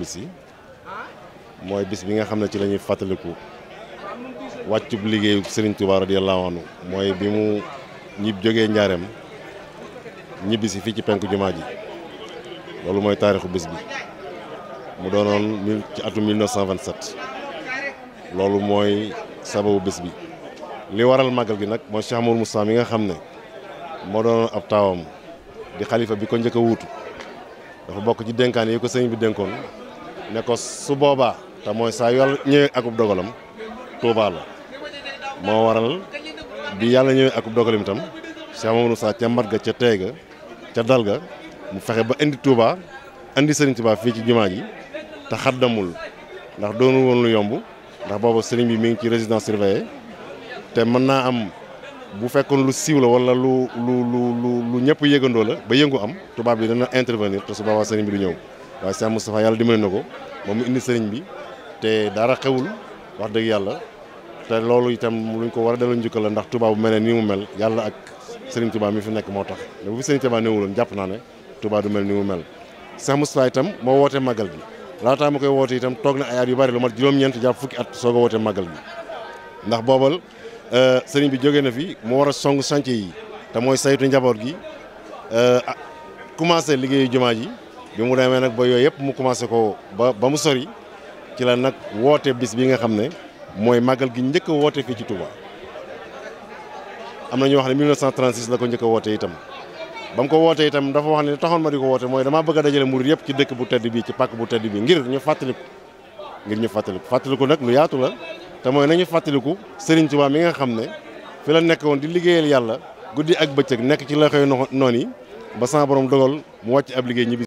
si mooy bis bi nga xam ne ci lañuy ñuy fàttaliku wàccub liggéeyu Serigne Touba radiyallahu anhu mooy bi mu ñib jógee njaareem ñibbisi fii ci penku jumaa ji loolu mooy taarixu bis bi mu doonoon mille ci atum 1927 loolu mooy sababu bis bi li waral màggal gi nag mooy Cheikh Amadou mi nga xam ne moo doonoon ab taawam di xalifa bi ko njëkk a wuutu dafa bokk ci dénkaan yi ko sëñ bi dénkoon ne su boobaa te mooy saa yàlla ñëwee akub dogalam Touba la moo waral bi yàlla ñëwee akub dogalam itam Cheikh Mamadou Sa ca mbat ga ca tey ga ca dal ga mu fexe ba indi Touba indi Serigne Touba fii ci jumaa ji te xaddamul ndax doonu woon lu yomb ndax boobu Serigne bi mi ngi ci résidence surveillée te mën naa am bu fekkoon lu siiw la wala lu lu lu lu ñëpp yëgandoo la ba yëngu am tubaab bi dana intervenir te su boobaa Serigne bi du ñëw. waaye Cheikh Moustapha yàlla dimbali na ko moom mu indi sëriñ bi te dara xewul wax dëgg yàlla te loolu itam luñ ko war a delloo njukkal la ndax Touba bu mel ne nii mu mel yàlla ak sëriñ Touba mi fi nekk moo tax mais bu fi sëriñ Touba néewuloon jàpp naa ne Touba du ni mu mel Cheikh Moustapha itam moo wootee màggal bi laataa ma koy woote itam toog na ay at yu bari lu mat juróom-ñeent jàpp fukki at soog a wootee màggal bi ndax boobal euh, sëriñ bi jógee na fi mu war a song chantier yi te mooy saytu njaboot gi euh, commencé liggéeyu jumaa ji bi mu demee nag ba yooyu yëpp mu commencé ko ba ba mu sori ci la nag woote bis bi nga xam ne mooy màggal gi njëkk a woote fii ci Touba. am na ñu wax ne 1936 la ko njëkk a woote itam ba mu ko woote tam dafa wax ne taxoon ma di ko woote mooy damaa bëgg a dajale murid yëpp ci dëkk bu tedd bi ci pàkk bu tedd bi ngir ñu fàttaliku ngir ñu fàttaliku fàttaliku nag lu yaatu la te mooy nañu fàttaliku Serigne Touba mi nga xam ne fi la nekk woon di liggéeyal yàlla guddi ak bëccëg nekk ci loxoy noon yi ba sama borom dogal mu wàcc ab liggéey ñibbi